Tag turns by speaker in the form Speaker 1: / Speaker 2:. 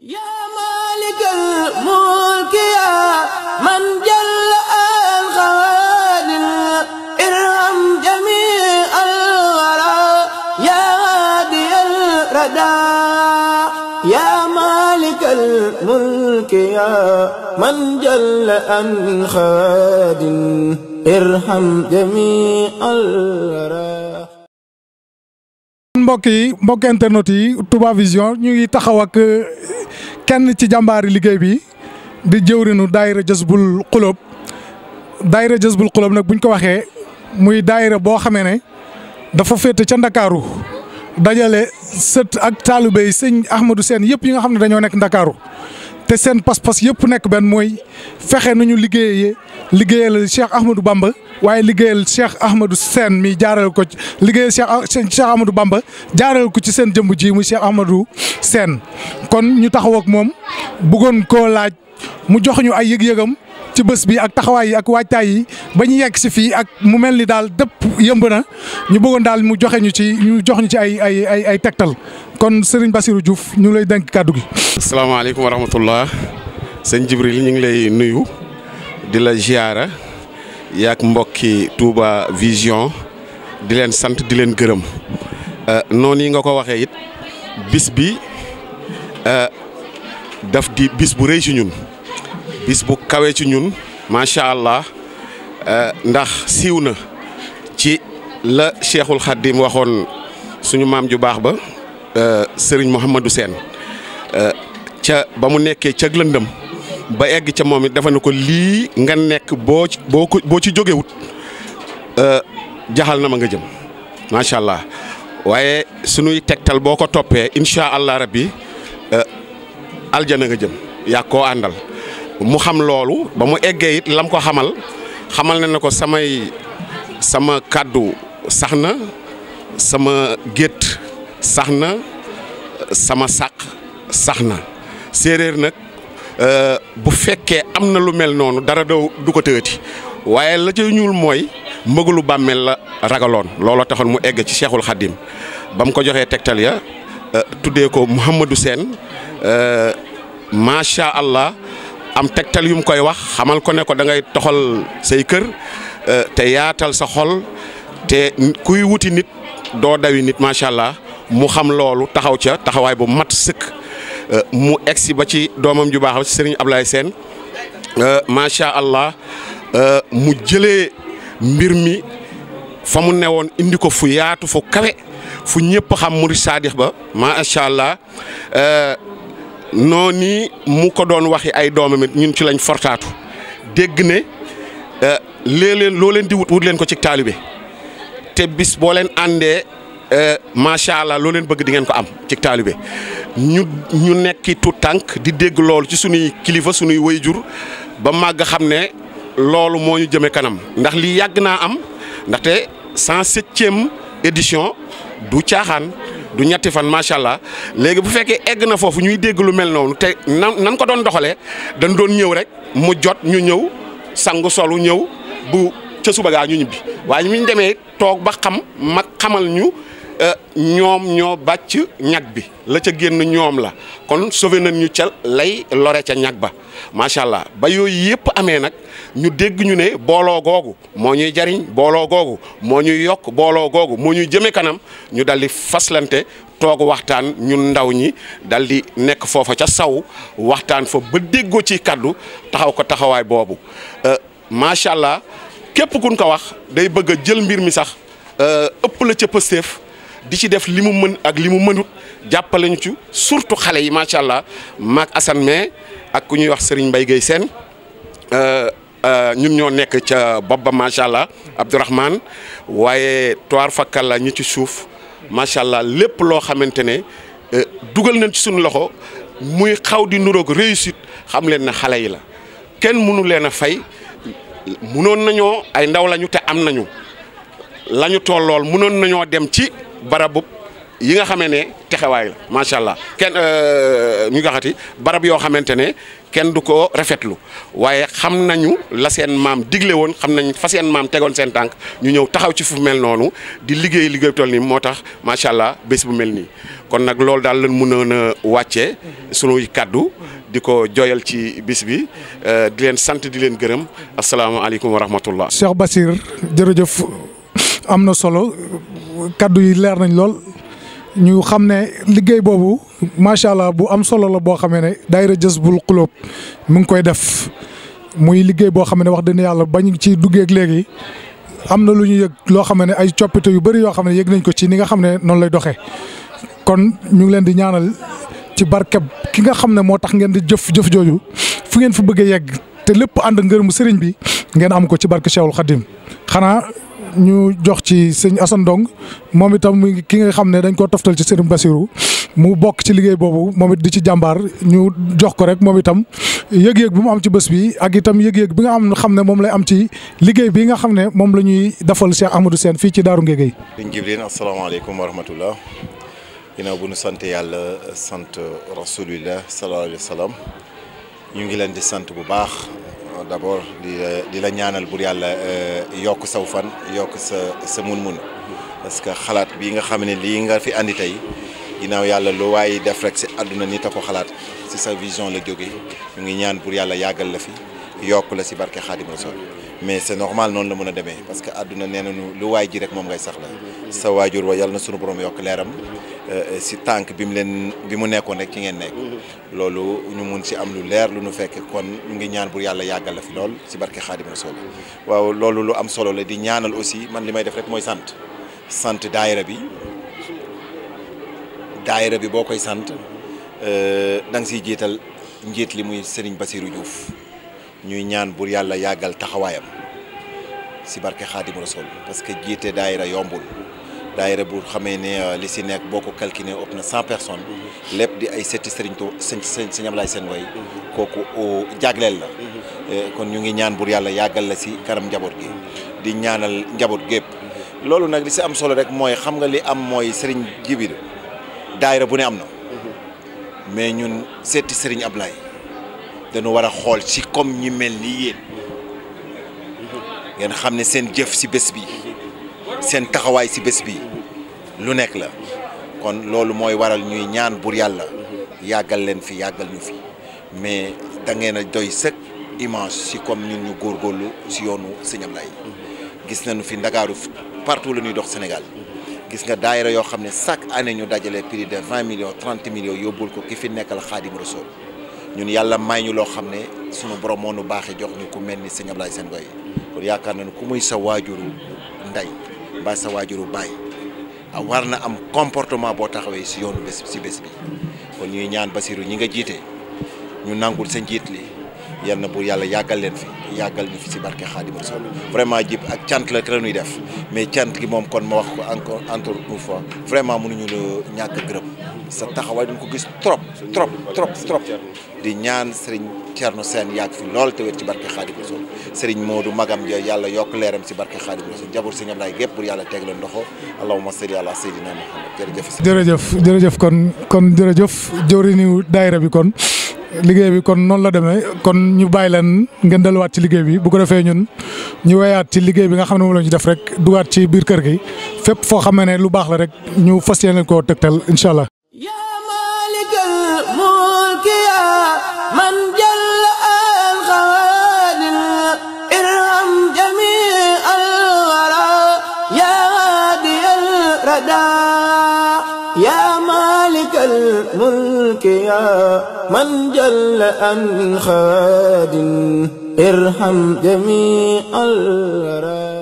Speaker 1: yaa maalikal mulki yaa man jalla al xawaadim irham jamii al waraa yaa haadiyal radaa yaa maalikal mulki yaa man jalla al xawaadim irham jamii al waraa mbokk yi mbokk internet yi Touba Vision ñu ngi taxaw ak kenn ci jàmbaari liggéey bi di jëwrinu daayira Jazbul Xuloob daayira Jazbul Xuloob nag buñ ko waxee muy daayira boo xamee ne dafa féete ca ndakaaru dajale sët ak taalibe yi sëñ Ahmadou Seen yëpp yi nga xam ne dañoo nekk ndakaaru te seen pas-pas yëpp nekk benn mooy fexe nañu ñu liggéeyee liggéeyal Cheikh Ahmadou Bamba waaye liggéeyal Cheikh Ahmadou seen mi jaareel ko liggéeyal Cheikh Cheikh Ahmadou Bamba jaareel ko ci seen jëmb ji muy Cheikh Ahmadou Sène kon ñu taxaw ak moom bëggoon ko laaj mu jox ñu ay yëg-yëgam. ci bés bi ak taxawaay yi ak waajtaay yi ba ñu yegg si fii ak mu mel ni daal dëpp yëmb na ñu bëggoon daal mu joxe ñu ci ñu jox ñu ci ay ay ay tegtal kon Serigne basiru Diouf ñu lay denk kàddu gi.
Speaker 2: asalaamaaleykum wa rahmatullah sëñ Jibril ñu ngi lay nuyu di la ziara yaak mbokki tuuba Vision di leen sant di leen gërëm euh, noonu yi nga ko waxee it bis bi euh, daf di bis bu réy si ñun. bis bu kawe ci ñun macha allah eh, ndax siiw na ci la cheikhul xaddim waxoon suñu maam ju baax ba eh, sëriñ Mouhamadou Sène eh, ca ba mu nekkee cag lëndëm ba egg ca moom it dafa ne ko lii nga nekk boo ci boo boo ci jógewut jaxal na ma nga jëm macha allah waaye suñuy tegtal boo ko toppee incha allah rabbi aljana nga jëm yaa koo àndal. mu xam loolu ba mu eggee it lam ko xamal xamal na ne ko samay sama kàddu sax na sama gétt sax na sama saq sax na séeréer nag euh, bu fekkee am na lu mel noonu dara doo du ko tëëti waaye la ca ñuul mooy mbëggalu bàmmeel la ragaloon looloo taxoon mu egg ci Cheikhul Khadim ba mu ko joxee tegtal ya euh, tuddee ko Mouhamadou Sène euh, macha allah. am tegtal yu mu koy wax xamal ko ne ko da ngay toxal say kër euh, te yaatal sa xol te kuy wuti nit doo nit macha allah mu xam loolu taxaw ca taxawaay bu mat sëkk euh, mu egsi ba ci doomam ju baax Serigne Ablaye Sène euh, macha allah mu jëlee mbir mi fa mu newoon indi ko fu yaatu fu kawe fu ñëpp xam murid saadix ba macha allah. noo nii mu ko doon waxi ay doomam it ñun ci lañ fortaatu dégg ne euh, léeg-léeg loo leen di wut wut leen ko ci taalibe te bis boo leen àndee euh, macha allah loo leen bëgg di ngeen ko am ci taalibe ñu ñu nekki tu tànk di dégg loolu ci sunuy kilifa sunuy jur ba màgg xam ne loolu moo ñu jëme kanam ndax lii yàgg naa am ndaxte cent septième édition du caaxaan du ñetti fan macha allah léegi bu fekkee egg na foofu ñuy dégg lu mel noonu te nan nan ko doon doxalee dañ doon ñëw rek mu jot ñu ñëw sangu solu ñëw bu ca subagaa gaa ñu ñibbi waaye mi ñu demee toog ba xam mag xamal ñu. Euh, ñoom ñoo bàcc ñag bi la ca génn ñoom la kon sauvé nañ ñu ca lay lore ca ñag ba macha allah ba yooyu yëpp amee nag ñu dégg ñu ne booloo googu moo ñuy jariñ booloo googu moo ñuy yokk booloo googu moo ñuy jëme kanam ñu daldi faslante toog waxtaan ñun ndaw ñi dal di nekk foofa ca saw waxtaan fa ba déggoo ci kàddu taxaw ko taxawaay boobu euh, macha allah képp kun ko wax day bëgg a jël mbir mi sax euh, ëpp la ca pësteef di ci def li mu mën ak li mu mënut jàppale ñu ci surtout xale yi macha allah maak Assane mais ak ku ñuy wax Serigne Mbaye Guèye Sène euh, euh, ñun ñoo nekk ca bopp ba macha allah Abdourahmane waaye toir fakkalla ñi ci suuf macha allah lépp loo xamante ne euh, dugal nañ ci suñ loxo muy xaw di nuroog réussit xam leen na xale yi la kenn mënu leen a fay mënoon nañoo ay ndaw lañu te am nañu. la ñu tollool munoon nañoo dem ci barabu yi nga xamee ne texewaay la macha allah kenn euh, ñu nga xati barab yoo xamante ne kenn du ko rafetlu waaye xam nañu la seen maam digle woon xam nañu fa seen maam tegoon seen tànk ñu ñëw taxaw ci fu mel noonu di liggéey liggéey toll nii moo tax macha allah bés bu mel nii. kon nag loolu daal lan mënoon a wàccee sunuy kàddu di ko joyal ci bis bi euh, di leen sant di leen gërëm asalaamaaleykum wa rahmatullah. Cheikh
Speaker 1: Basir jërëjëf. am na solo kaddu yi leer nañ lool ñu xam ne liggéey boobu macha allah bu am solo la boo xamee ne daayira Jazbul Qulub mu ngi koy def muy liggéey boo xam ne wax dëgg yàlla bañ ci duggee ak léegi am na lu ñu yëg loo xam ne ay coppite yu bari yoo xam ne yëg nañ ko ci ni nga xam ne noonu lay doxee kon ñu ngi leen di ñaanal ci barkeb ki nga xam ne moo tax ngeen di jëf jëf jooju fu ngeen fi bëggee yegg te lépp ànd mu sëriñ bi ngeen am ko ci barke Cheikhul Khadim xanaa ñu jox ci sëñ Assane Ndong moom itam ki nga xam ne dañ koo taftal ci sëriñ Basirou mu bokk ci liggéey boobu moom it di ci jàmbaar ñu jox ko rek moom itam yëg-yëg bi mu am ci bés bi ak itam yëg bi nga am xam ne moom lay am ci liggéey bi nga xam ne moom la ñuy defal Cheikh Ahmadou seen fii ci Daaru Ngégéy.
Speaker 3: sëñ Jibril asalaamaaleykum wa rahmatullah ginnaaw bu ñu sant yàlla sant rasulillah sallallahu alayhi salaam ñu ngi leen di sant bu baax. d'abord di di la ñaanal pour yàlla euh, yokk saw fan yokk sa sa mun-mun parce que xalaat bii nga xam ne lii nga fi andi tey ginnaaw yàlla lu waaye def rek si àdduna nit a ko xalaat si sa vision la jóge ñu ngi ñaan pour yàlla yàggal la fi yokk la si barke Xaadim Rasul mais c'est normal noonu la mën a demee parce que àdduna nee nañu lu waay ji rek moom ngay saxla sa waajur wa yàlla na sunu borom yokk leeram Euh, si tànk bi mu leen bi mu nekkoon rek ci ngeen nekk. Mm-hmm. loolu ñu mun si am lu leer lu nu fekk kon ñu ngi ñaan pour yàlla yàggal la fi lool si barke Xaadim Rasul waaw loolu lu am solo la di ñaanal aussi man li may def rek mooy sant sant daayira bi daayira bi boo koy sant euh, da nga siy jiital njiit li muy sëriñ Bassirou juuf ñuy ñaan pour yàlla yàggal taxawaayam si barke Xaadim sol parce que jiite daayira yombul. daayira bu xamee ne euh, li si nekk boo ko calculé ëpp na cent personnes mhm. lépp di ay setti sëriñ to sëñ sëñ Ablaye seen way mhm. kooku euh, jagleel la mhm. euh, kon ñu ngi ñaan bur yàlla yàggal la si kanam njaboot gi di ñaanal njaboot gépp loolu nag li si am solo rek mooy xam nga li am mooy sëriñ Jibir daayira bu ne am na mais ñun seeti sëriñ Ablaye dañu war a xool si comme ñi mel ni yéen ngeen xam ne seen jëf si bés bi seen taxawaay si bés bi lu nekk la kon loolu mooy waral ñuy ñaan buur yàlla yàggal leen fi yàggal ñu fi mais da ngeen a doy sëkk image si comme ñun ñu góor góorlu si yoonu Sëñ Ablaay gis nu fi Ndakaaru partout la ñuy dox Sénégal gis nga daayira yoo xam ne chaque année ñu dajale prix de vingt millions trente millions yóbbul ko ki fi nekkal Xaadim Rasuul ñun yàlla may ñu loo xam ne sunu borom moo nu baaxee jox ñu ku mel ni Sëñ Ablaay seen goy kon yaakaar nañu ku muy sa waajuru ndey mbaa sa waajuru baay war na am comportement boo taxawee si yoonu bés si bés bi kon ñuy ñaan Basiru ñi nga jiite ñu nangul sa njiit li yal na buur yàlla yàggal leen fi yàggal ñu fi si barke Xaadimu Rasuul vraiment jib ak cant la kër def mais cant gi moom kon ma wax ko encore encore une fois vraiment mënuñu la ñàkk gërëm sa taxawaay duñ ko gis trop trop trop trop di ñaan sëriñ Thierno Sène yàgg fi lool te wér ci barke Xaadim Rasuul sëriñ Modou Magam ja yàlla yokk leeram si barke Xaadim Rasuul jabor sëriñ Ablaye gépp pour yàlla teg leen loxo allahumma salli ala sayyidina Muhammad jërëjëf jërëjëf
Speaker 1: jërëjëf kon kon jërëjëf jëwriñu daayira bi kon liggéey bi kon noonu la demee kon ñu bàyyi leen ngeen delluwaat ci liggéey bi bu ko defee ñun ñu weyaat ci liggéey bi nga xam ne moom la def rek dugaat ci biir kër gi fépp foo xamee ne lu baax la rek ñu fas yéene koo tëgtal incha allah. الملك يا من جل الخوادم ارحم جميع الورى يا هادي الردى يا مالك الملك يا من جل عن خاد ارحم جميع الورى